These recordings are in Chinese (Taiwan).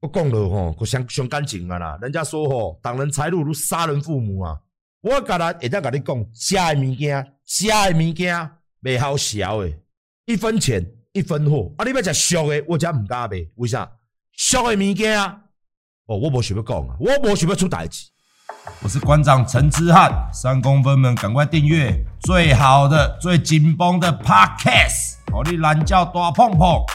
我講了吼，喔，互相相感情啊啦，人家說吼，喔，擋人財路如殺人父母啊。我敢若會再甲你講，食的物件，食的物件袂好食的，一分錢一分貨。啊，你要食俗的，我才不敢賣，為啥？俗的物件，啊喔，我無想要講，我無想要出代志。我是館長陳之漢，三公分們趕快訂閱最好的、最緊繃的 podcast。哦，你懶覺大碰碰。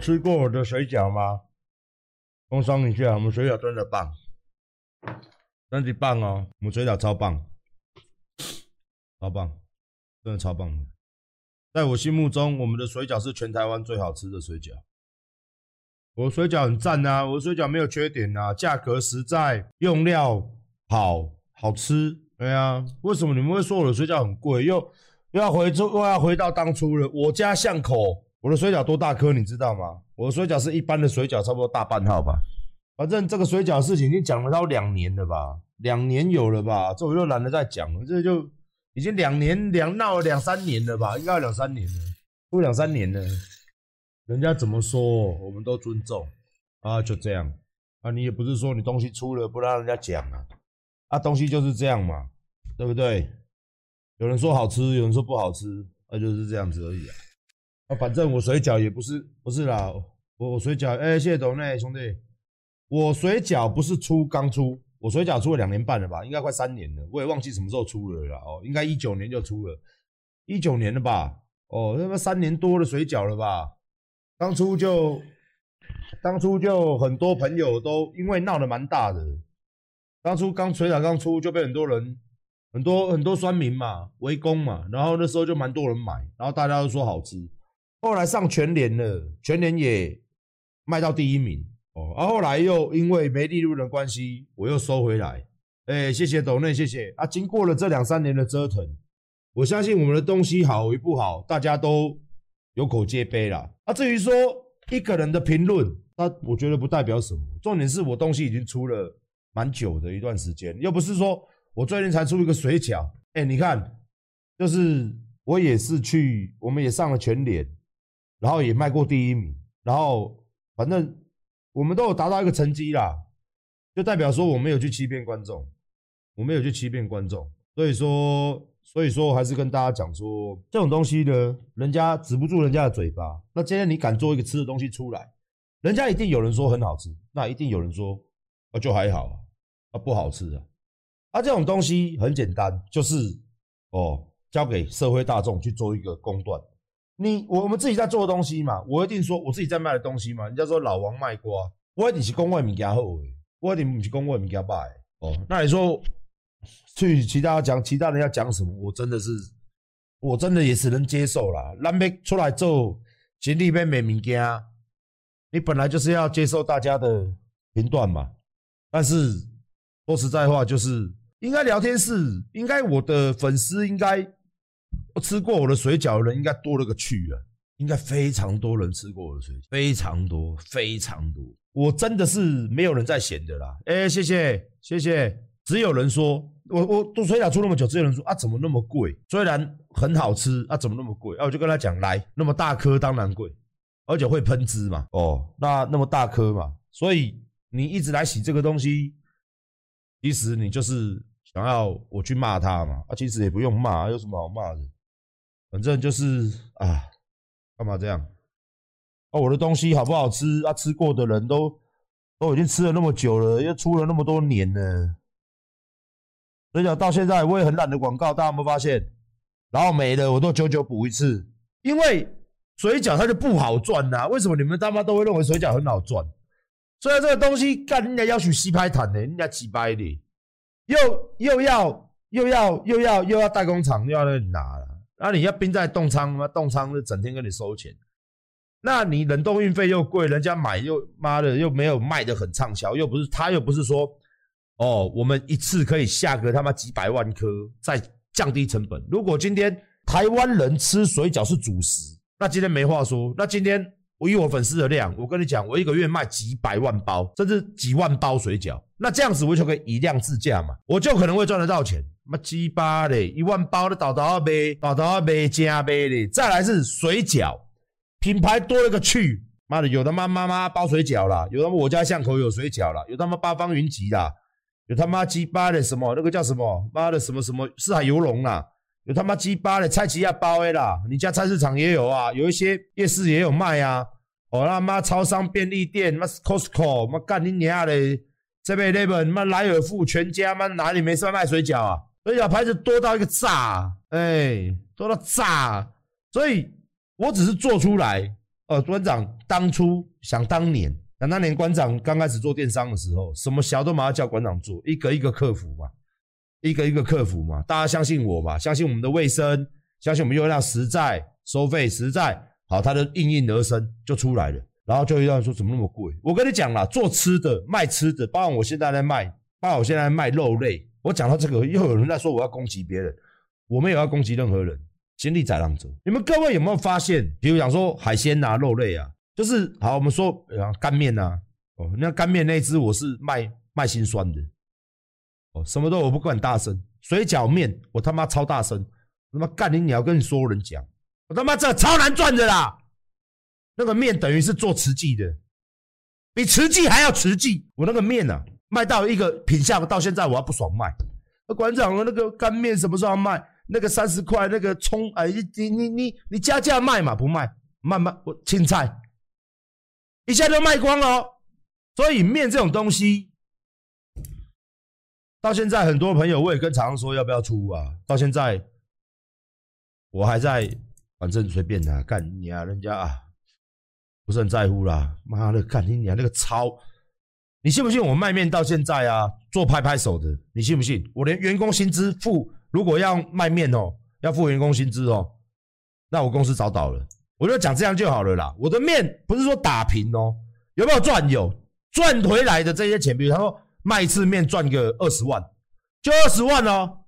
吃過我的水餃嗎？我送你去啊，我們水餃真的棒，真的棒哦、喔！我們水餃超棒，超棒，真的超棒的。在我心目中，我們的水餃是全台灣最好吃的水餃。我的水餃很讚啊！我的水餃沒有缺點啊！價格實在，用料好，好吃。對啊，為什麼你們會說我的水餃很貴？又又要回，又要回到當初了。我家巷口。我的水餃多大顆，你知道嗎？我的水餃是一般的水餃，差不多大半號吧。反正這個水餃的事情已經講了差不多兩年了吧，兩年有了吧？這我又懶得再講了，這個、就已經兩年兩鬧了兩三年了吧，應該要兩三年了，都兩三年了。人家怎麼說，我們都尊重啊，就這樣啊。你也不是說你東西出了不讓人家講啊，啊，東西就是這樣嘛，對不對？有人說好吃，有人說不好吃，那、啊、就是這樣子而已啊。啊、反正我水餃也不是，不是啦，我水餃哎、欸，謝謝斗內兄弟，我水餃不是出，剛出，我水餃出了兩年半了吧，應該快三年了，我也忘記什麼時候出了啦哦，應該一九年就出了，一九年了吧，哦那麼三年多的水餃了吧。當初就當初就很多朋友都因為鬧得蠻大的，當初剛水餃剛出就被很多人、很多很多酸民嘛圍攻嘛，然後那時候就蠻多人買，然後大家都說好吃。後來上全聯了，全聯也賣到第一名哦。啊，後來又因為沒利潤的關係，我又收回來。哎、欸，謝謝鬥內，謝謝啊。經過了這兩三年的折騰，我相信我們的東西好與不好，大家都有口皆碑了。啊至，至於說一個人的評論，那我覺得不代表什麼。重點是我東西已經出了蠻久的一段時間，又不是說我最近才出一個水餃。哎、欸，你看，就是我也是去，我們也上了全聯。然後也賣過第一名，然後反正我們都有達到一個成績啦，就代表說我沒有去欺騙觀眾，我沒有去欺騙觀眾，所以說所以說還是跟大家講說，這種東西呢，人家止不住人家的嘴巴。那今天你敢做一個吃的東西出來，人家一定有人說很好吃，那一定有人說啊就還好啊，啊不好吃啊。啊這種東西很簡單，就是哦交給社會大眾去做一個公斷。你我們自己在做的東西嘛，我一定說我自己在賣的東西嘛。人家說老王賣瓜，我一定是講我的東西好的，我一定不是講我的東西壞的。哦，那你說去其、其他講，其他人要講什麼？我真的是，我真的也是能接受啦。那邊出來做，井裡面沒物啊，你本來就是要接受大家的評斷嘛。但是說實在話，就是應該聊天室，應該我的粉絲應該。我吃過我的水餃的人應該多了個去啊，應該非常多人吃過我的水餃，非常多非常多。我真的是沒有人在嫌的啦。哎，謝謝謝謝。只有有人說我我做水餃做那麼久，只有人說啊，怎麼那麼貴？雖然很好吃啊，怎麼那麼貴？啊，我就跟他講，來那麼大顆當然貴，而且會噴汁嘛。哦，那那麼大顆嘛，所以你一直來洗這個東西，其實你就是想要我去罵他嘛。啊，其實也不用罵，啊，有什麼好罵的？反正就是啊，幹嘛這樣？哦，我的東西好不好吃？啊，吃過的人都都已經吃了那麼久了，又出了那麼多年了。水餃到現在我也很懶得廣告，大家有沒有發現？然後沒了，我都久久補一次，因為水餃它就不好賺吶、啊。為什麼你們大媽都會認為水餃很好賺？所以這個東西幹，人家要去西拍坦的、欸，人家幾百的，又又要又要又要又要代工廠，又要那裡拿了。那、啊、你要冰在凍倉嘛，凍倉是整天跟你收錢，那你冷凍運費又貴，人家買又媽的又沒有賣的很暢銷，又不是他又不是說，哦，我們一次可以下個他媽幾百萬顆再降低成本。如果今天台灣人吃水餃是主食，那今天沒話說。那今天。我以我粉絲的量，我跟你講，我一個月賣幾百萬包，甚至幾萬包水餃，那這樣子我就可以以量自價嘛，我就可能會賺得到錢。媽雞巴嘞，一萬包的，倒到二杯，倒到二杯加杯的。再來是水餃品牌多了個去，媽的，有他媽媽媽包水餃啦，有他媽我家巷口有水餃啦，有他媽八方雲集啦，有他媽雞巴的什麼，那個叫什麼，媽的什麼什麼，四海遊龍啦。有他媽雞巴嘞，菜吉亞包誒啦，你家菜市場也有啊，有一些夜市也有賣啊。我他媽超商便利店，媽 Costco，媽幹你娘嘞，7-11，媽萊爾富、全家，媽哪裡沒事賣水餃啊？水餃牌子多到一個炸，哎、欸，多到炸。所以我只是做出來。呃，館長當初想當年，想當年館長剛開始做電商的時候，什麼小都馬上叫館長做，一個一個客服嘛。一個一個客服嘛，大家相信我嘛，相信我們的衛生，相信我們用量實在，收費實在好，它就應運而生就出來了。然後就有人說怎麼那麼貴？我跟你講啦，做吃的賣吃的，包括我現在在賣，包括我現在在賣肉類。我講到這個，又有人在說我要攻擊別人，我沒有要攻擊任何人，先立在浪中。你們各位有沒有發現，比如講說海鮮吶、啊、肉類啊，就是好，我們說乾麵吶，哦，那乾麵那隻我是賣賣心酸的。哦，什麼都我不管大，大聲水餃麵，我他媽超大聲，他媽幹你，鳥跟你說人講，我他媽這超難賺的啦。那個麵等於是做慈濟的，比慈濟還要慈濟。我那個麵啊，賣到一個品相，到現在我還不爽賣。啊，館長，那個乾麵什麼時候要賣？那個三十塊那個蔥，哎，你你你你加價賣嘛？不賣，賣賣我青菜，一下就賣光了，所以麵這種東西。到現在，很多朋友我也跟常說要不要出啊？到現在，我還在，反正隨便啊，幹你啊，人家啊，不是很在乎啦。媽的，幹你娘、啊、那個操！你信不信我賣面到現在啊，做拍拍手的，你信不信我連員工薪資付？如果要賣面哦、喔，要付員工薪資哦、喔，那我公司早倒了。我就講這樣就好了啦。我的面不是說打平哦、喔，有沒有賺有賺回來的這些錢？比如他說。賣一次面賺個二十萬，就二十萬哦、喔，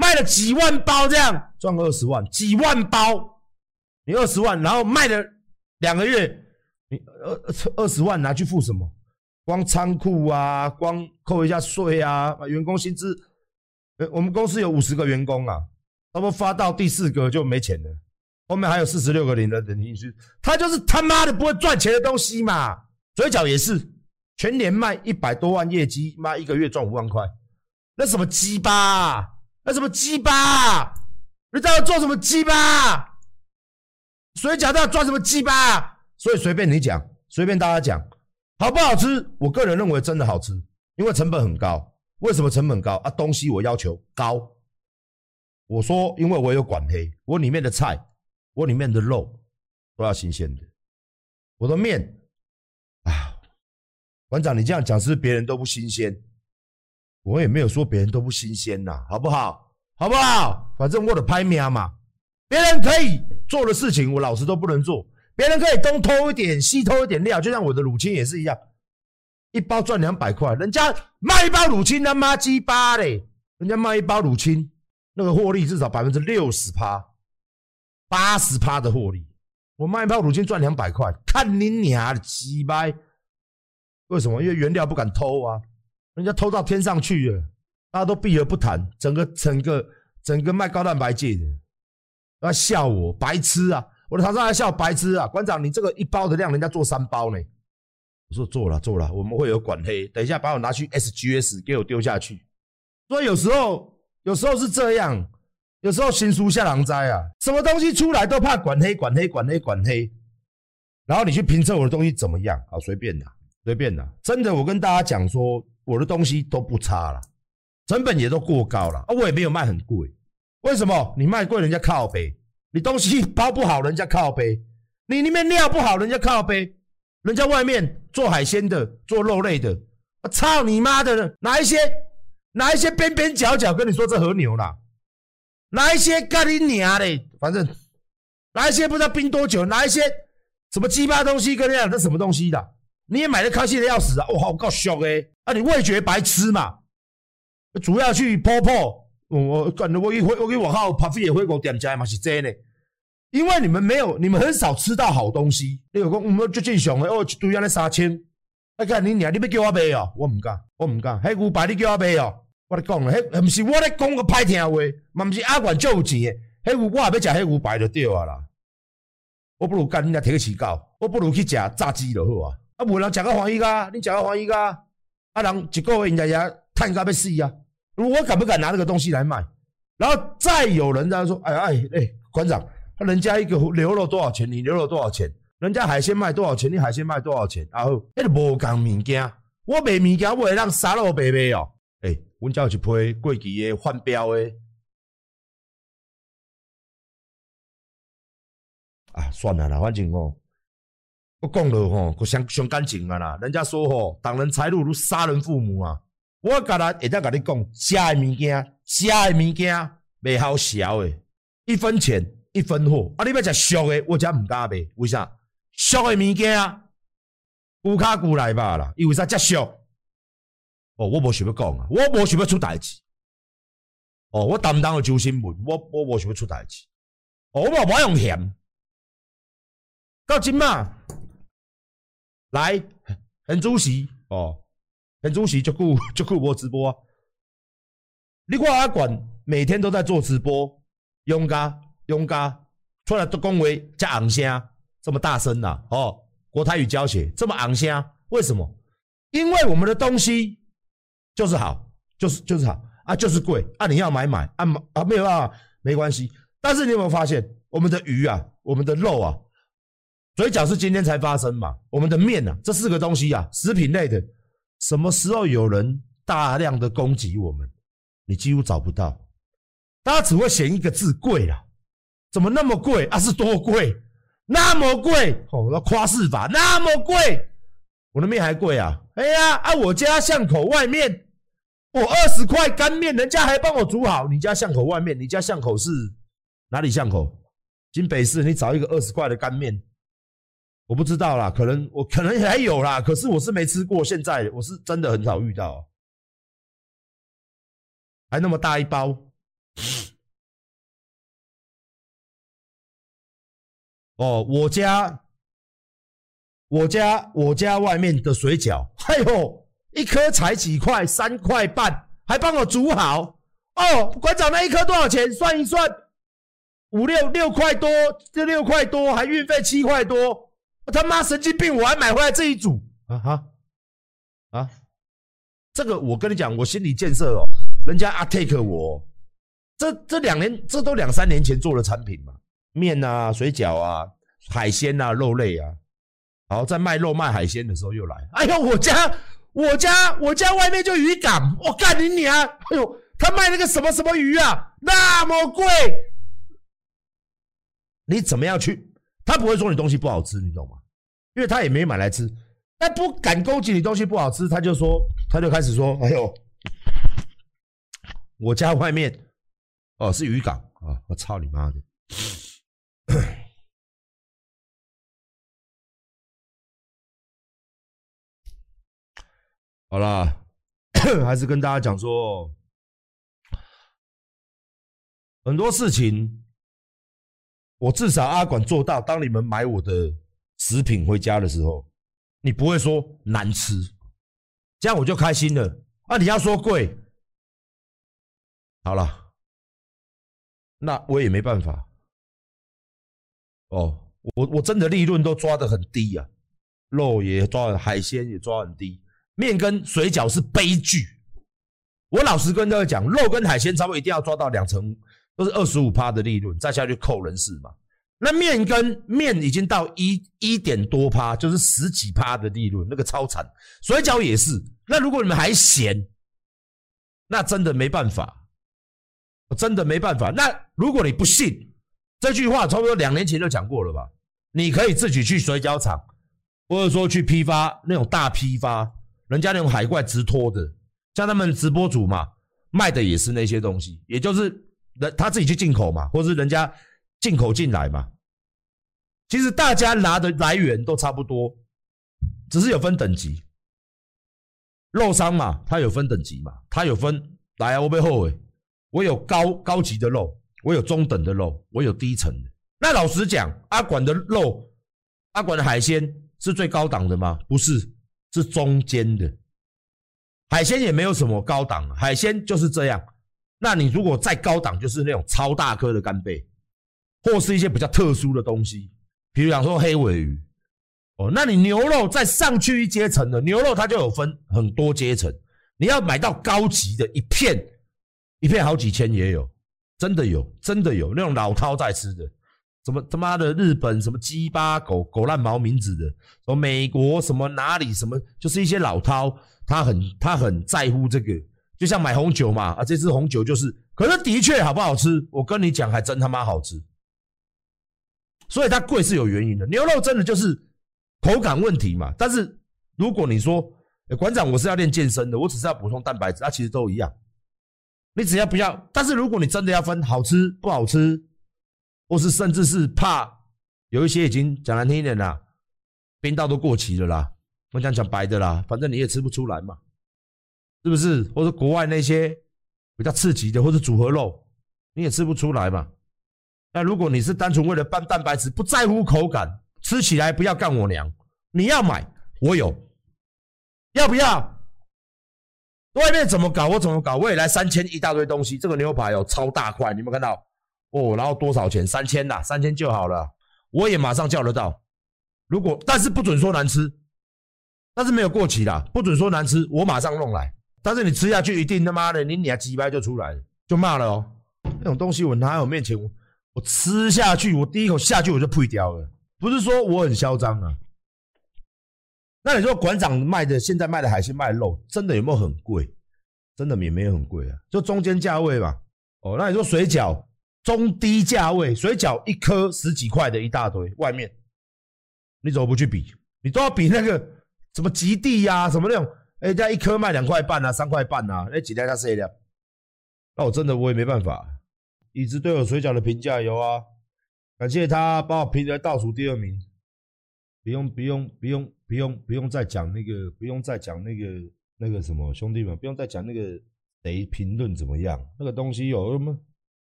賣了幾萬包這樣賺個二十萬，幾萬包，你二十萬，然後賣了兩個月，你二二十萬拿去付什麼？光倉庫啊，光扣一下稅啊，員工薪資，呃，我們公司有五十個員工啊，差不多發到第四個就沒錢了，後面還有四十六個人的等於，他就是他媽的不會賺錢的東西嘛，嘴角也是。全年賣一百多萬業績，媽，一個月賺五萬塊，那什麼雞巴，那什麼雞巴，你在我做什麼雞巴？水餃在我賺什麼雞巴？所以隨便你講，隨便大家講，好不好吃？我個人認為真的好吃，因為成本很高。為什麼成本高啊？東西我要求高，我說因為我有管黑，我裡面的菜，我裡面的肉都要新鮮的，我的面啊。館長，你這樣講是別人都不新鮮？我也沒有說別人都不新鮮吶，好不好？好不好？反正我的拍名嘛，別人可以做的事情，我老實都不能做。別人可以東偷一點，西偷一點料，就像我的乳清也是一樣，一包賺兩百塊，人家賣一包乳清他媽雞巴嘞，人家賣一包乳清那個獲利至少百分之六十趴，八十趴的獲利，我賣一包乳清賺兩百塊，看你娘的雞巴！為什麼？因為原料不敢偷啊，人家偷到天上去了，大家都避而不談。整個整個整個賣高蛋白劑的，他笑我白痴啊！我的廠商還笑白痴啊！館長，你這個一包的量，人家做三包呢。我說做了做了，我們會有管黑。等一下把我拿去 SGS，給我丟下去。所以有時候有時候是這樣，有時候新書下狼災啊，什麼東西出來都怕管黑管黑管黑管黑，然後你去評測我的東西怎麼樣啊？隨便的。隨便啦，真的，我跟大家講說，我的東西都不差啦，成本也都過高啦，啊，我也沒有賣很貴，為什麼？你賣貴人家靠杯，你東西包不好人家靠杯，你裡面料不好人家靠杯，人家外面做海鮮的做肉類的，我、啊、操你媽的，哪一些哪一些邊邊角角跟你說這和牛啦，哪一些幹你娘嘞，反正哪一些不知道冰多久，哪一些什麼雞巴東西跟你講這什麼東西的。你也買的開心的要死啊！哇好夠俗的。啊！你味覺白痴嘛？主要去剖破、嗯，我感我也會，我給我靠，排骨也會我點食嘛，是這樣的。因為你們沒有，你們很少吃到好東西。你說有講我們最近想誒，哦，去對面三千青。哎、啊，幹你娘！你要叫我賣哦，我唔幹，我唔幹。嘿，牛排你叫我賣哦，我咧講啦，嘿，唔是我咧講個歹聽話，嘛唔是阿管就有錢誒。嘿，我啊要食嘿牛排就對啊啦。我不如幹你啊，提去飼狗，我不如去食炸雞就好啊。啊，無人食個歡喜個，你食個歡喜個，啊人一個月人家趁到欲死啊！我敢不敢拿這個東西來賣？然後再有人在說，哎哎哎，館長，人家一個留了多少錢？你留了多少錢？人家海鮮賣多少錢？你海鮮賣多少錢？然後迄個無共物件，我，我賣物件袂讓傻佬白賣哦。哎，阮只有一批過期的換標的。啊，算了啦，反正我。講了吼、哦，互傷傷感情啊啦，人家說吼、哦，擋人財路如殺人父母啊。我今日會使甲你講，食誒物件，食誒物件袂好燒誒，一分錢一分貨。啊，你要食俗誒，我則毋敢買，為啥？俗誒物件啊，古卡古來吧啦，伊為啥遮俗？哦，我無想要講啊，我無想要出代志。哦，我擔當個周心物，我我無想要出代志、哦。我無買用嫌。到今嘛。來，很主席哦，很主席就顧就顧我直播啊！你看阿管每天都在做直播，庸咖庸咖，出來都恭維加昂聲，這麼大聲吶、啊、哦！國台語教學這麼昂聲，為什麼？因為我們的東西就是好，就是就是好啊，就是貴啊，你要買買啊啊，沒有辦法，沒關係。但是你有沒有發現，我們的魚啊，我們的肉啊，所以是今天才發生嘛？我們的麵吶、啊，這四個東西啊，食品類的，什麼時候有人大量的攻擊我們？你幾乎找不到，大家只會嫌一個字貴了。怎麼那麼貴啊？是多貴？那麼貴？哦，要誇飾法，那麼貴，我的麵還貴啊？哎呀，啊我家巷口外面，我二十塊乾麵，人家還幫我煮好。你家巷口外面，你家巷口是哪裡巷口？金北市，你找一個二十塊的乾麵。我不知道啦，可能我可能也還有啦，可是我是沒吃過，現在我是真的很少遇到啊，還那麼大一包。哦，我家，我家，我家外面的水餃，哎呦，一顆才幾塊，三塊半，還幫我煮好。哦，館長那一顆多少錢？算一算，五六六塊多，就六塊多，還運費七塊多。我、啊、他媽神經病！我還買回來這一組啊哈啊，啊！這個我跟你講，我心理建設哦。人家阿 Take 我，這這兩年這都兩三年前做的產品嘛，麵啊、水餃啊、海鮮啊、肉類啊，然後在賣肉賣海鮮的時候又來。哎呦，我家我家我家外面就漁港，我、哦、幹你娘啊！哎呦，他賣那個什麼什麼魚啊，那麼貴，你怎麼樣去？他不會說你東西不好吃，你懂嗎？因為他也沒買來吃，他不敢攻擊你東西不好吃，他就說，他就開始說：“哎呦，我家外面哦是漁港啊，哦，我操你媽的！” 好了， 還是跟大家講說很多事情。我至少阿管做到，當你們買我的食品回家的時候，你不會說難吃，這樣我就開心了。啊，你要說貴，好了，那我也沒辦法。哦，我我真的利潤都抓得很低啊，肉也抓，海鮮也抓很低，麵跟水餃是悲劇。我老實跟大家講，肉跟海鮮差不多一定要抓到兩成。都是二十五趴的利潤，再下去扣人事嘛。那麵跟麵已經到一一點多趴，就是十幾趴的利潤，那個超慘。水餃也是。那如果你們還嫌，那真的沒辦法，真的沒辦法。那如果你不信這句話，差不多兩年前就講過了吧？你可以自己去水餃廠，或者說去批發那種大批發，人家那種海怪直托的，像他們直播主嘛，賣的也是那些東西，也就是。人他自己去進口嘛，或是人家進口進來嘛，其實大家拿的來源都差不多，只是有分等級。肉商嘛，他有分等級嘛，他有分。來啊，我不後悔，我有高高級的肉，我有中等的肉，我有低層的。那老實講，阿館的肉，阿館的海鮮是最高檔的嗎？不是，是中間的。海鮮也沒有什麼高檔，海鮮就是這樣。那你如果再高檔，就是那種超大顆的干貝，或是一些比較特殊的東西，比如講說黑鮪魚。哦，那你牛肉再上去一階層的牛肉，它就有分很多階層。你要買到高級的一片，一片好幾千也有，真的有，真的有那種老饕在吃的，什麼，什麼他媽的日本什麼雞巴狗狗爛毛名字的，什麼美國什麼哪裡什麼，就是一些老饕他很他很在乎這個。就像買紅酒嘛，啊，這支紅酒就是，可是的確好不好吃？我跟你講，還真他媽好吃。所以它貴是有原因的。牛肉真的就是口感問題嘛。但是如果你說欸，館長，我是要練健身的，我只是要補充蛋白質，那、啊、其實都一樣。你只要不要。但是如果你真的要分好吃不好吃，或是甚至是怕有一些已經講難聽一點啦，冰到都過期了啦，我講講白的啦，反正你也吃不出來嘛。是不是？或者國外那些比較刺激的，或者組合肉，你也吃不出來嘛？那如果你是單純為了拌蛋白質，不在乎口感，吃起來不要幹我娘，你要買，我有，要不要？外面怎麼搞？我怎麼搞？未來三千一大堆東西，這個牛排有超大塊，你有沒有看到？哦，然後多少錢？三千吶，三千就好了，我也馬上叫得到。如果但是不准說難吃，但是沒有過期的，不准說難吃，我馬上弄來。但是你吃下去一定他媽的，你兩雞掰就出來了，就罵了哦。那種東西我拿我面前我，我吃下去，我第一口下去我就呸掉了。不是說我很囂張啊。那你說館長賣的現在賣的海鮮賣肉，真的有沒有很貴？真的也沒有很貴啊，就中間價位吧。哦，那你說水餃中低價位，水餃一顆十幾塊的一大堆，外面你怎麼不去比？你都要比那個什麼極地呀，啊，什麼那種。人、欸、他一顆賣兩塊半啊，三塊半啊，那幾條？他四條。那、喔、我真的我也沒辦法。一直對我水餃的評價有啊，感謝他幫我評在倒數第二名。不用，不用，不用，不用，不用再講那個，不用再講那個那個什麼兄弟們，不用再講那個誰評論怎麼樣，那個東西有什麼？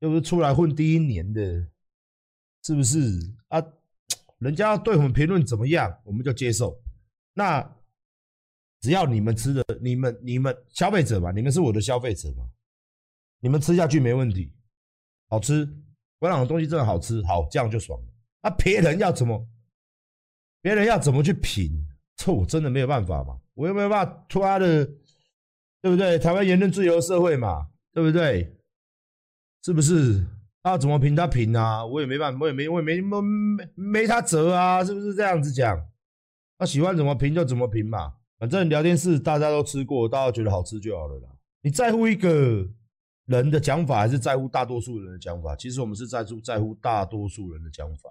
又不是出來混第一年的，是不是啊？人家對我們評論怎麼樣，我們就接受。那。只要你們吃的，你們你們，你們消費者嘛，你們是我的消費者嘛，你們吃下去沒問題，好吃，我兩的東西真的好吃，好，這樣就爽了。那、啊、別人要怎麼，別人要怎麼去評，這我真的沒有辦法嘛，我又沒有辦法突然的，對不對？台灣言論自由社會嘛，對不對？是不是？他、啊、怎麼評他評啊，我也沒辦法，我也沒，我也沒我也沒沒，沒他轍啊，是不是這樣子講？他、啊、喜歡怎麼評就怎麼評嘛。反正聊天室大家都吃過，大家覺得好吃就好了啦。你在乎一個人的講法，還是在乎大多數人的講法？其實我們是在乎在乎大多數人的講法。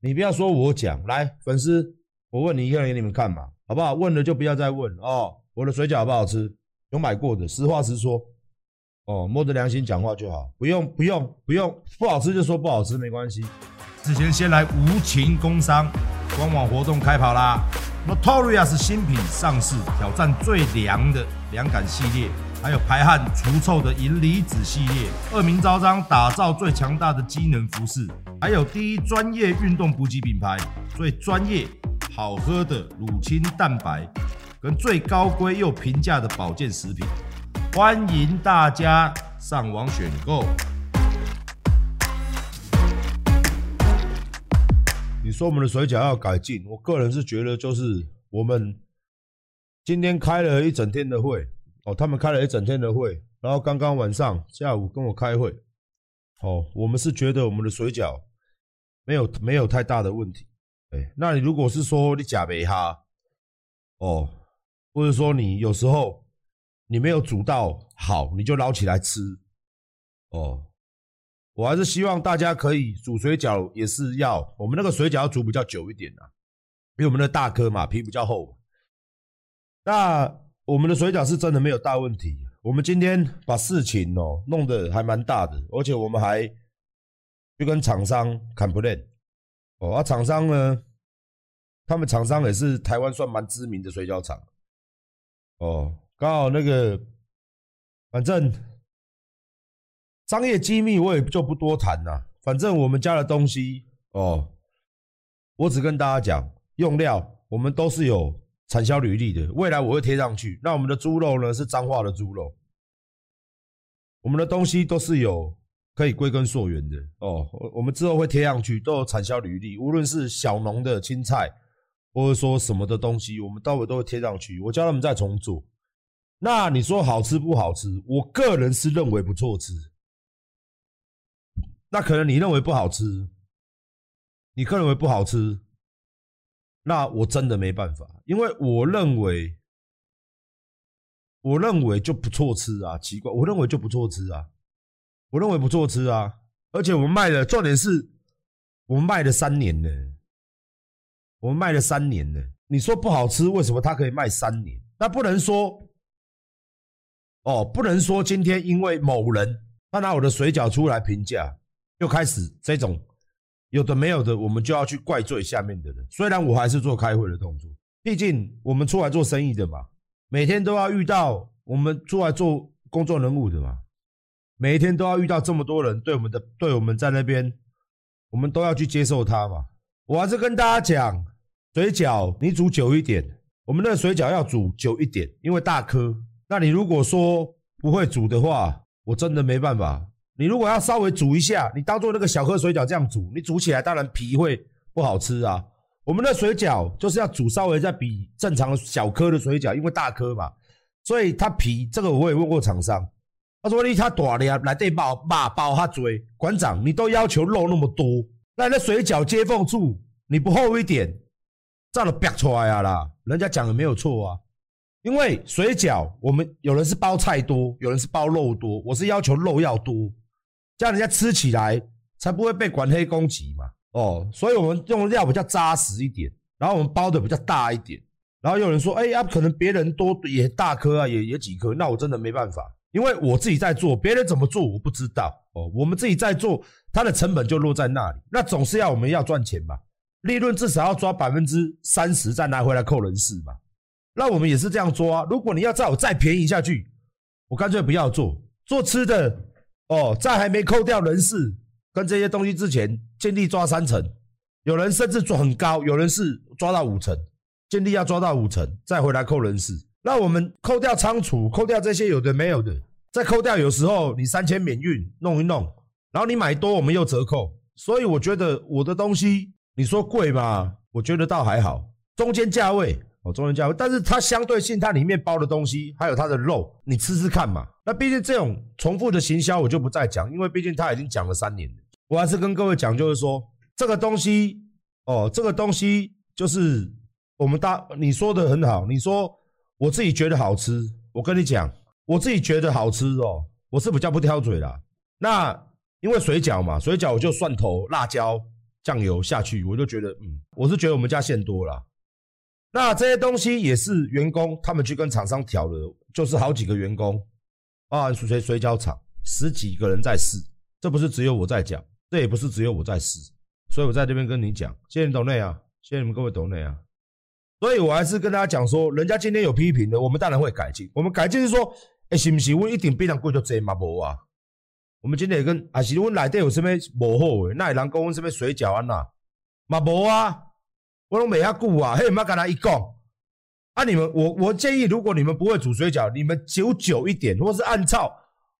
你不要說我講來粉絲，我問你一個人給你們看嘛，好不好？問了就不要再問哦。我的水餃好不好吃？有買過的實話實說哦，摸着良心講話就好，不用不用不用，不用，不好吃就說不好吃，沒關係。之前先來無情工商官網活動開跑啦。Notorious 是新品上市，挑戰最涼的涼感系列，還有排汗除臭的銀離子系列，惡名昭彰打造最強大的機能服飾，還有第一專業運動補給品牌，最專業好喝的乳清蛋白，跟最高規又平價的保健食品，歡迎大家上網選購。你說我們的水餃要改進，我個人是覺得就是我們今天開了一整天的會哦，他們開了一整天的會，然後剛剛晚上下午跟我開會，哦，我們是覺得我們的水餃沒有沒有太大的問題，哎，那你如果是說你假白哈，哦，或者說你有時候你沒有煮到好，你就撈起來吃，哦。我還是希望大家可以煮水餃，也是要我們那個水餃要煮比較久一點啊，因為我們的大顆嘛，皮比較厚。那我們的水餃是真的沒有大問題。我們今天把事情哦、喔、弄得還蠻大的，而且我們還去跟廠商 complain，哦，那廠商呢，他們廠商也是台灣算蠻知名的水餃廠。哦、喔，剛好那個，反正。商業機密我也就不多談了啊，反正我們家的東西哦，我只跟大家講，用料我們都是有產銷履歷的，未來我會貼上去。那我們的豬肉呢，是彰化的豬肉，我們的東西都是有可以歸根溯源的哦，我們之後會貼上去，都有產銷履歷，無論是小農的青菜，或者說什麼的東西，我們待會都會貼上去。我叫他們再重做，那你說好吃不好吃？我個人是認為不錯吃。那可能你認為不好吃，你個人認為不好吃，那我真的沒辦法，因為我認為，我認為就不錯吃啊，奇怪，我認為就不錯吃啊，我認為不錯吃啊，而且我們賣的重點是，我們賣了三年了，我們賣了三年了，你說不好吃，為什麼他可以賣三年？那不能說，哦，不能說今天因為某人他拿我的水餃出來評價。就開始這種有的沒有的，我們就要去怪罪下面的人。雖然我還是做開會的動作，畢竟我們出來做生意的嘛，每天都要遇到我們出來做工作人物的嘛，每一天都要遇到這麼多人，對我們的對我們在那邊，我們都要去接受他嘛。我還是跟大家講，水餃你煮久一點，我們的水餃要煮久一點，因為大顆。那你如果說不會煮的話，我真的沒辦法。你如果要稍微煮一下，你當做那個小顆水餃這樣煮，你煮起來當然皮會不好吃啊。我們的水餃就是要煮稍微再比正常的小顆的水餃，因為大顆嘛，所以它皮這個我也問過廠商，他說你他大了，來得包馬包他嘴。館長，你都要求肉那麼多，那你那水餃接縫處你不厚一點，這樣都逼出來啦？人家講的沒有錯啊，因為水餃我們有人是包菜多，有人是包肉多，我是要求肉要多。這樣人家吃起來才不會被管黑攻擊嘛？哦，所以我們用料比較紮實一點，然後我們包的比較大一點。然後有人說：“哎、欸，呀、啊，可能別人多也大顆啊，也也幾顆。”那我真的沒辦法，因為我自己在做，別人怎麼做我不知道哦。我們自己在做，它的成本就落在那裡。那總是要我們要賺錢嘛，利潤至少要抓百分之三十再拿回來扣人事嘛。那我們也是這樣做啊。如果你要再我再便宜下去，我乾脆不要做做吃的。哦，在還沒扣掉人事跟這些東西之前，淨利抓三成，有人甚至抓很高，有人是抓到五成，淨利要抓到五成，再回來扣人事。那我們扣掉倉儲，扣掉這些有的沒有的，再扣掉。有時候你三千免運弄一弄，然後你買多我們又折扣，所以我覺得我的東西你說貴嗎？我覺得倒還好，中間價位。哦，中間價位，但是它相對性，它裡面包的東西還有它的肉，你吃吃看嘛。那畢竟這種重複的行銷，我就不再講，因為畢竟他已經講了三年了。我還是跟各位講，就是說這個東西，哦，這個東西就是我們大你說的很好，你說我自己覺得好吃，我跟你講，我自己覺得好吃哦，我是比較不挑嘴啦。那因為水餃嘛，水餃我就蒜頭、辣椒、醬油下去，我就覺得嗯，我是覺得我們家餡多啦。那這些東西也是員工，他們去跟廠商挑的，就是好幾個員工啊，屬於水餃廠，十幾個人在試。這不是只有我在講，這也不是只有我在試，所以我在這邊跟你講，謝謝你們抖內啊，謝謝你們各位抖內啊。所以我還是跟大家講說，人家今天有批評的，我們當然會改進。我們改進是說，哎，是不是？我一定比人貴得多嘛？無啊。我們今天也跟啊，還是我們裡面有什麼不好的？那有人講我們什麼水餃啊，那？嘛無啊。我攏沒要顧啊，你有要跟他一講啊？你們，我我建議，如果你們不會煮水餃，你們久久一點，或是按照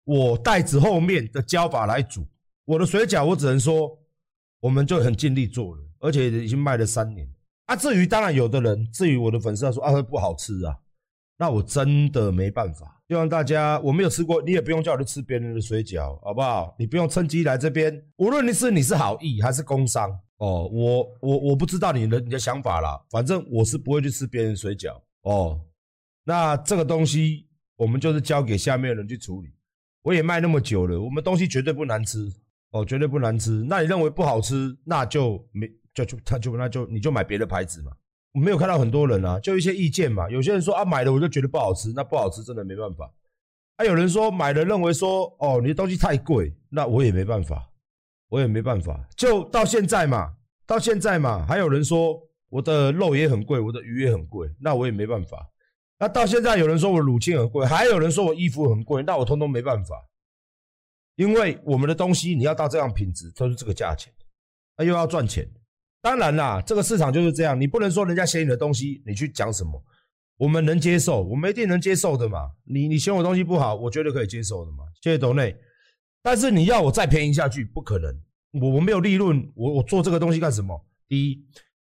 我袋子後面的教法來煮我的水餃。我只能說，我們就很盡力做了，而且已經賣了三年了。啊，至於當然有的人，至於我的粉絲他說啊，會不好吃啊。那我真的沒辦法，希望大家我沒有吃過，你也不用叫我去吃別人的水餃，好不好？你不用趁機來這邊，無論你是你是好意還是工商哦，我我我不知道你的你的想法啦，反正我是不會去吃別人水餃哦。那這個東西我們就是交給下面的人去處理，我也賣那麼久了，我們東西絕對不難吃哦，絕對不難吃。那你認為不好吃，那就沒就就他就那就你就買別的牌子嘛。我沒有看到很多人啊，就一些意見嘛。有些人說啊，買了我就覺得不好吃，那不好吃真的沒辦法、啊。還有人說買了認為說，哦，你的東西太貴，那我也沒辦法，我也沒辦法。就到現在嘛，到現在嘛，還有人說我的肉也很貴，我的魚也很貴，那我也沒辦法。那到現在有人說我的乳清很貴，還有人說我衣服很貴，那我通通沒辦法，因為我們的東西你要到這樣品質，它是這個價錢，那又要賺錢。當然啦，這個市場就是這樣，你不能說人家嫌你的東西，你去講什麼？我們能接受，我們一定能接受的嘛。你你嫌我東西不好，我絕對可以接受的嘛。謝謝斗內，但是你要我再便宜下去，不可能。我我沒有利潤，我我做這個東西幹什麼？第一，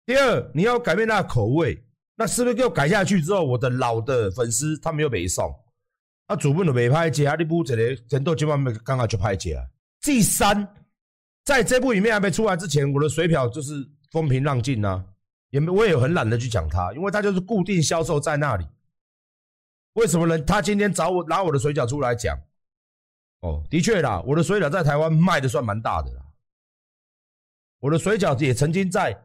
第二，你要改變那個口味，那是不是又改下去之後，我的老的粉絲他們又沒有買送。那主播你沒拍，其他你不整能人都上邊剛好去拍啊。第三，在這部影片還沒出來之前，我的水餃就是。風平浪靜呢、啊，也沒我也很懶得去講他，因為他就是固定銷售在那裡。為什麼呢？他今天找我拿我的水餃出來講，哦，的確啦，我的水餃在台灣賣的算蠻大的啦。我的水餃也曾經在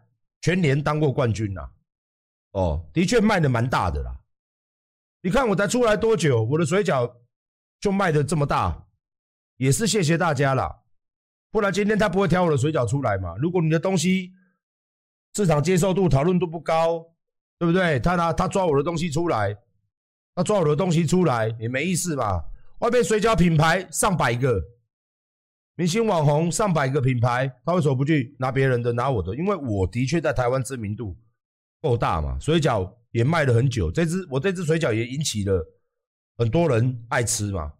全聯當過冠軍啦、啊。哦，的確賣的蠻大的啦。你看我才出來多久，我的水餃就賣的這麼大，也是謝謝大家啦。不然今天他不會挑我的水餃出來嘛。如果你的東西。市場接受度、討論度不高，對不對？他拿他抓我的東西出來，他抓我的東西出來也沒意思嘛。外面水餃品牌上百個，明星網紅上百個品牌，他為什麼不去拿別人的、拿我的？因為我的確在台灣知名度夠大嘛，水餃也賣了很久。這只我這只水餃也引起了很多人愛吃嘛。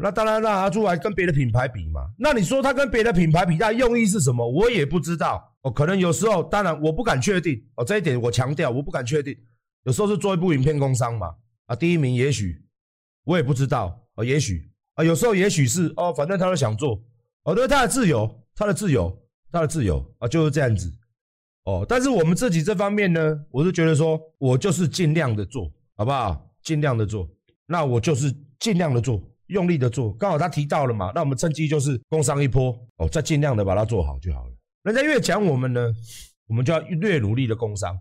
那當然，那讓他出來跟別的品牌比嘛？那你說他跟別的品牌比，他的用意是什麼？我也不知道哦。可能有時候，當然我不敢確定哦。這一點我強調，我不敢確定。有時候是做一部影片，工商嘛啊。第一名也許我也不知道、哦、啊，也許啊，有時候也許是哦，反正他都想做，哦，對，他的自由，他的自由，他的自由啊，就是這樣子哦。但是我們自己這方面呢，我是覺得說我就是儘量的做好不好？儘量的做，那我就是儘量的做。用力的做，剛好他提到了嘛，那我們趁機就是工商一波哦，再儘量的把它做好就好了。人家越講我們呢，我們就要越努力的工商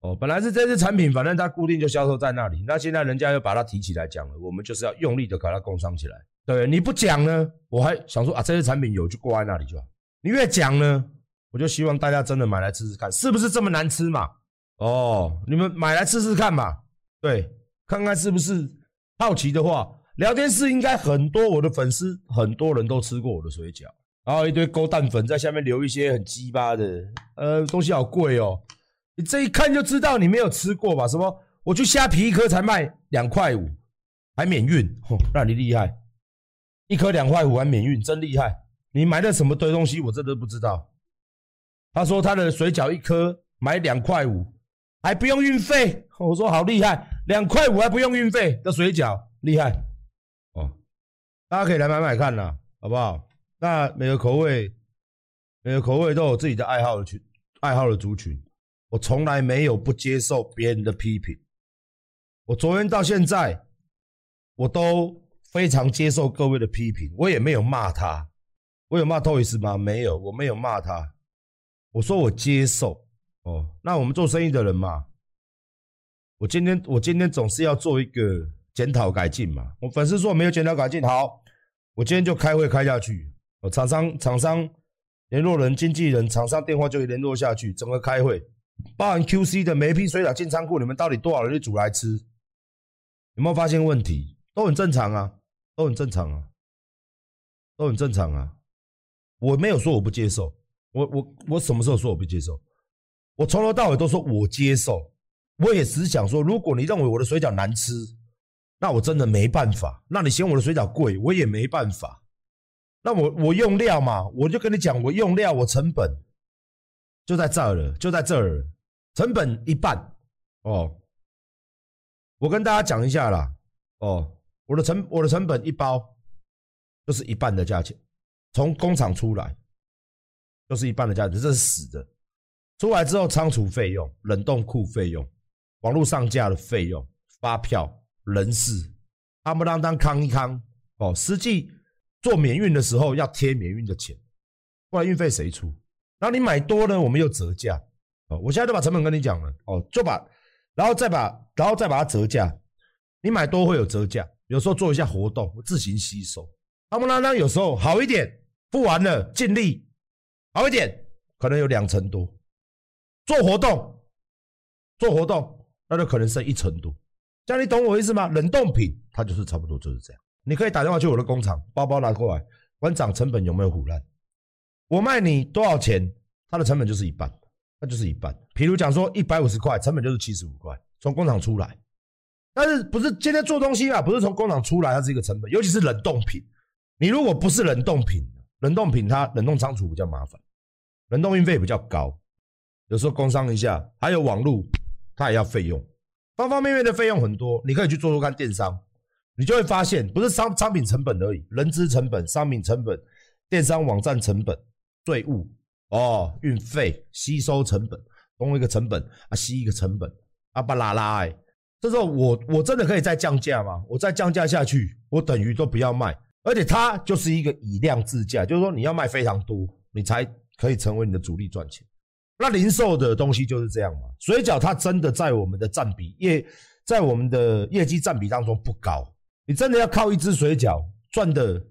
哦。本來是這些產品，反正它固定就銷售在那裡，那現在人家又把它提起來講了，我們就是要用力的把它工商起來。對，你不講呢，我還想說啊，這些產品有就掛在那裡就好。你越講呢，我就希望大家真的買來吃吃看，是不是這麼難吃嘛？哦，你們買來吃吃看嘛，對，看看是不是好奇的話。聊天室應該很多，我的粉絲很多人都吃過我的水餃，然後一堆勾蛋粉在下面留一些很雞巴的，呃，東西好貴哦。你這一看就知道你沒有吃過吧？什麼？我去蝦皮一顆才賣兩塊五，還免運。吼，那你厲害，一顆兩塊五還免運，真厲害。你買的什麼堆東西，我真的不知道。他說他的水餃一顆買兩塊五，還不用運費。我說好厲害，兩塊五還不用運費的水餃，厲害。大家可以來買買看吶、啊，好不好？那每個口味，每個口味都有自己的愛好的群，愛好的族群。我從來沒有不接受別人的批評。我昨天到現在，我都非常接受各位的批評。我也沒有罵他，我有罵 Toyz 嗎？沒有，我沒有罵他。我說我接受哦。那我們做生意的人嘛，我今天我今天總是要做一個檢討改進嘛。我粉絲說我沒有檢討改進，好。我今天就開會開下去，廠商廠商聯絡人、經紀人、廠商電話就聯絡下去，整個開會，包含 QC 的每一批水餃進倉庫，你們到底多少人煮來吃？有沒有發現問題？都很正常啊，都很正常啊，都很正常啊。我沒有說我不接受，我我我什麼時候說我不接受？我從頭到尾都說我接受，我也只想說，如果你認為我的水餃難吃。那我真的沒辦法。那你嫌我的水餃貴，我也沒辦法。那我我用料嘛，我就跟你講，我用料，我成本就在這兒了，就在這兒了，成本一半哦。我跟大家講一下啦，哦，我的成我的成本一包就是一半的價錢，從工廠出來就是一半的價錢，這是死的。出來之後倉儲費用、冷凍庫費用、網絡上架的費用、發票。人事，阿木拉當扛一扛哦，實際做免運的時候要貼免運的錢，不然運費誰出？然後你買多了，我們又折價哦。我現在都把成本跟你講了哦，就把，然後再把，然後再把它折價。你買多會有折價，有時候做一下活動，自行吸收。他們那當有時候好一點，付完了盡力好一點，可能有兩成多。做活動，做活動，那就可能剩一成多。那你懂我意思嗎？冷凍品它就是差不多就是這樣。你可以打電話去我的工廠，包包拿過來，館長成本有沒有唬爛。我賣你多少錢，它的成本就是一半，那就是一半。比如講說一百五十塊，成本就是七十五塊，從工廠出來。但是不是現在做東西啊？不是從工廠出來，它是一個成本。尤其是冷凍品，你如果不是冷凍品，冷凍品它冷凍倉儲比較麻煩，冷凍運費比較高，有時候工商一下，還有網絡它也要費用。方方面面的費用很多，你可以去做做看電商，你就會發現不是商商品成本而已，人資成本、商品成本、電商網站成本、稅務哦、運費、吸收成本，東一個成本啊，西一個成本啊，巴拉拉、欸，這時候我我真的可以再降價嗎？我再降價下去，我等於都不要賣，而且它就是一個以量制價，就是說你要賣非常多，你才可以成為你的主力賺錢。那零售的東西就是這樣嘛？水餃它真的在我們的占比業，在我們的業績占比當中不高。你真的要靠一只水餃賺的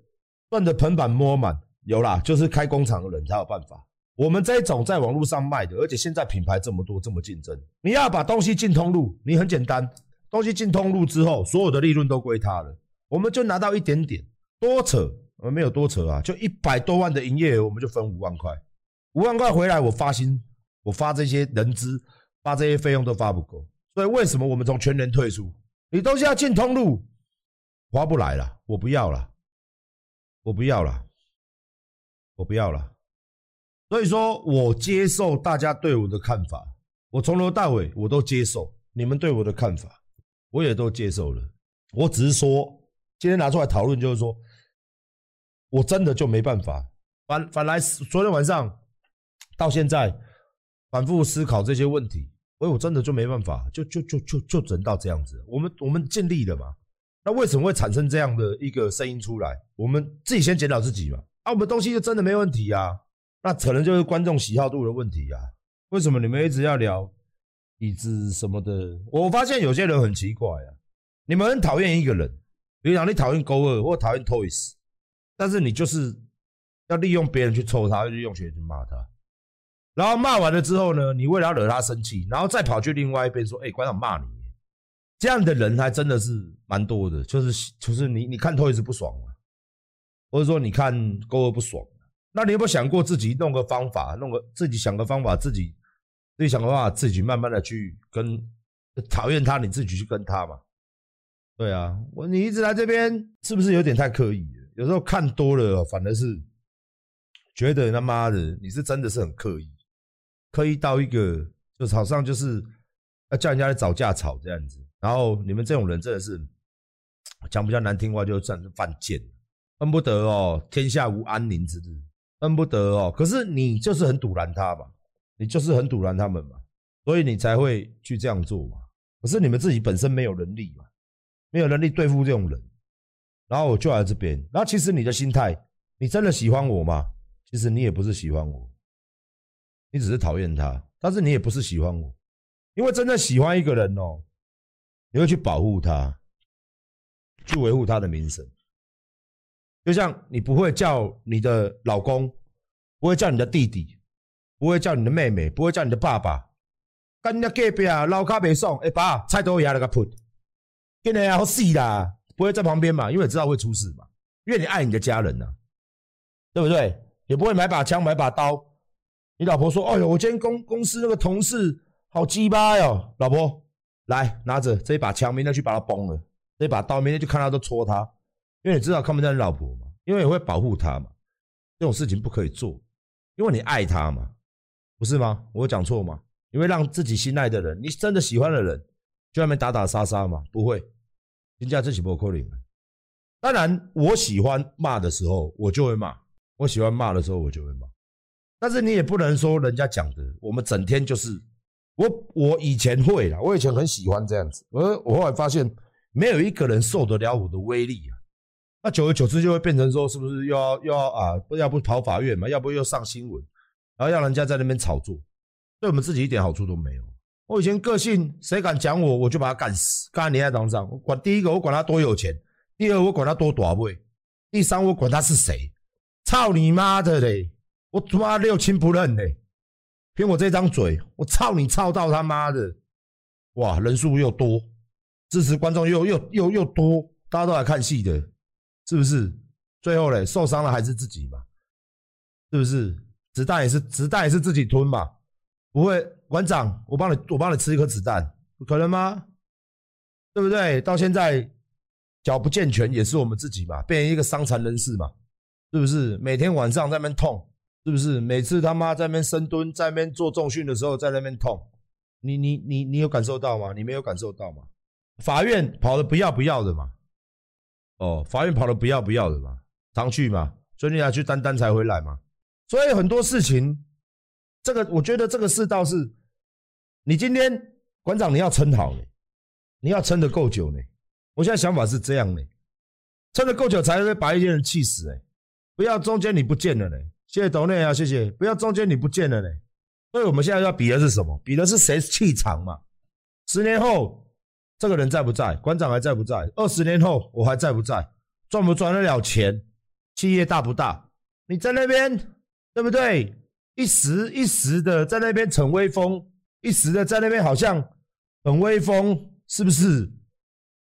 賺的盆滿缽滿，有啦，就是開工廠的人才有辦法。我們這一種在網絡上賣的，而且現在品牌這麼多，這麼競爭，你要把東西進通路，你很簡單，東西進通路之後，所有的利潤都歸他了，我們就拿到一點點，多扯，我們沒有多扯啊，就一百多萬的營業額，我們就分五萬塊，五萬塊回來我發薪。我發這些人資，發這些費用都發不夠，所以為什麼我們從全聯退出？你都是要進通路，划不來了，我不要了，我不要了，我不要了。所以說我接受大家對我的看法，我從頭到尾我都接受你們對我的看法，我也都接受了。我只是說今天拿出來討論，就是說我真的就沒辦法。反反來，昨天晚上到現在。反覆思考這些問題，哎，我真的就沒辦法，就就就就就整到這樣子。我們我們盡力了嘛，那為什麼會產生這樣的一個聲音出來？我們自己先檢討自己嘛。啊，我們東西就真的沒問題啊。那可能就是觀眾喜好度的問題啊，為什麼你們一直要聊椅子什麼的？我發現有些人很奇怪呀、啊。你們很討厭一個人，比如講你討厭勾二或討厭 Toys。但是你就是要利用別人去抽他，利用別人去罵他。然後罵完了之後呢，你為了要惹他生氣，然後再跑去另外一邊說：“哎、欸，館長罵你。”這樣的人還真的是蠻多的，就是就是你你看透也是不爽嘛，或者說你看夠了不爽，那你有沒有想過自己弄個方法，弄個自己想個方法，自己自己想個辦法，自己慢慢的去跟討厭他，你自己去跟他嘛？對啊，我你一直來這邊是不是有點太刻意了？有時候看多了反而是覺得他媽的你是真的是很刻意。刻意到一個，就是好像就是要叫人家來找架吵這樣子，然後你們這種人真的是講比較難聽話，就算是犯賤，恨不得哦天下無安寧之日，恨不得哦。可是你就是很阻攔他吧，你就是很阻攔他們嘛，所以你才會去這樣做嘛。可是你們自己本身沒有能力嘛，沒有能力對付這種人，然後我就來這邊。然後其實你的心態，你真的喜歡我嗎？其實你也不是喜歡我。你只是討厭他，但是你也不是喜歡我，因為真的喜歡一個人哦、喔，你會去保護他，去維護他的名聲。就像你不會叫你的老公，不會叫你的弟弟，不會叫你的妹妹，不會叫你的爸爸。幹你隔壁啊，老卡袂爽，哎爸，菜刀也來個撲，今日好死啦，不會在旁邊嘛，因為你知道會出事嘛，因為你愛你的家人吶、啊，對不對？也不會買把槍，買把刀，你老婆說：“哎呦，我今天公公司那個同事好雞巴喲、喔！”老婆，來拿着這一把槍，明天去把他崩了；這一把刀，明天就看他都戳他。因為你知道看不見你老婆嘛，因為你會保護她嘛，這種事情不可以做，因為你愛她嘛，不是嗎？我有講錯嗎？你會讓自己心愛的人，你真的喜歡的人，就外面打打殺殺嘛？不會，人家自己不會扣你、啊。當然，我喜歡罵的時候，我就會罵；我喜歡罵的時候，我就會罵。但是你也不能說人家講的，我們整天就是，我我以前會啦，我以前很喜歡這樣子，我我後來發現沒有一個人受得了我的威力啊，那久而久之就會變成說是不是要要啊，要不跑法院嘛，要不又上新聞，然後讓人家在那邊炒作，對我們自己一點好處都沒有。我以前個性誰敢講我，我就把他幹死，幹在你頭上。我管第一個，我管他多有錢；第二，我管他多大位；第三，我管他是誰。操你媽的嘞！我他媽六親不認呢，欸，憑我這張嘴，我操你操到他媽的！哇，人數又多，支持觀眾又又又又多，大家都來看戲的，是不是？最後嘞，受傷了還是自己嘛，是不是？子彈也是子彈也是自己吞嘛，不會，館長，我幫你我幫你吃一顆子彈，可能嗎？對不對？到現在腳不健全也是我們自己嘛，變成一個傷殘人士嘛，是不是？每天晚上在那邊痛。是不是每次他媽在那邊深蹲，在那邊做重訓的時候，在那邊痛？你你你你有感受到嗎？你沒有感受到嗎？法院跑的不要不要的嘛！哦，法院跑的不要不要的嘛！常去嘛，最近才去丹丹才回來嘛。所以很多事情，這個我覺得這個世道是，你今天館長你要撐好呢，你要撐得夠久呢。我現在想法是這樣的，撐得夠久才會把一些人氣死，不要中間你不見了呢。謝謝董磊啊！謝謝，不要中間你不見了呢、欸，所以我們現在要比的是什麼？比的是誰氣場嘛？十年後這個人在不在？館長還在不在？二十年後我還在不在？賺不賺得了錢？企業大不大？你在那邊對不對？一時一時的在那邊逞威風，一時的在那邊好像很威風，是不是？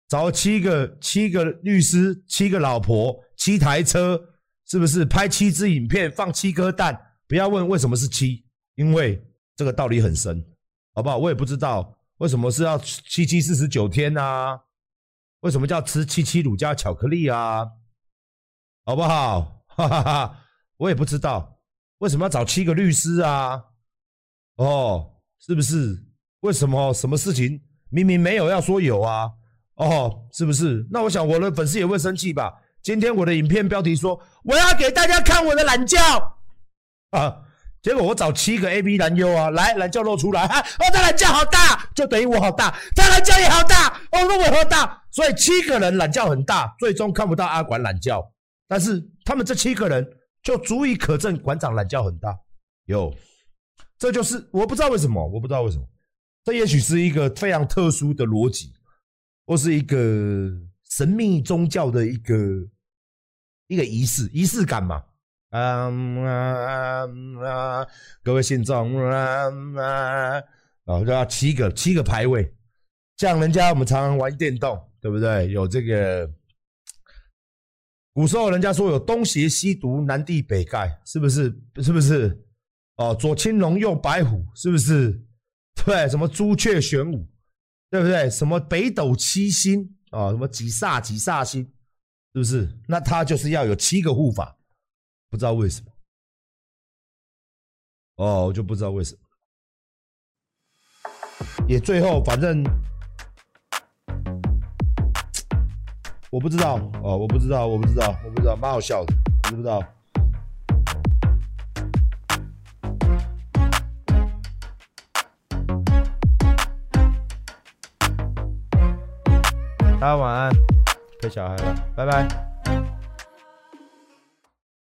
找了七個七個律師，七個老婆，七台車。是不是拍七支影片，放七顆蛋？不要問為什麼是七，因為這個道理很深，好不好？我也不知道為什麼是要七七四十九天啊？為什麼叫吃七七乳加巧克力啊？好不好？哈哈哈，我也不知道為什麼要找七個律師啊？哦，是不是？為什麼什麼事情明明沒有要說有啊？哦，是不是？那我想我的粉絲也會生氣吧？今天我的影片標題說，我要給大家看我的懶覺啊！結果我找七個 A B 男優啊，來懶覺露出來啊！我的懶覺好大，就等於我好大，他懶覺也好大，哦，我的我好大，所以七個人懶覺很大，最終看不到阿館懶覺，但是他們這七個人就足以可證館長懶覺很大。有，這就是我不知道為什麼，我不知道為什麼，這也許是一個非常特殊的邏輯，或是一個。神秘宗教的一個一個儀式，儀式感嘛。啊啊啊！各位信眾啊啊啊！啊，就要七個七個排位。像人家我們常常玩電動，對不對？有這個古時候人家說有東邪西毒南帝北丐，是不是？是不是？啊、哦，左青龍右白虎，是不是？對，什麼朱雀玄武，對不對？什麼北斗七星？啊、哦，什麼幾煞幾煞星，是不是？那他就是要有七個護法，不知道為什麼。哦，我就不知道為什麼。也最後反正，我不知道，哦，我不知道，我不知道，我不知道，蠻好笑的，我不知道。大家晚安，陪小孩了，拜拜。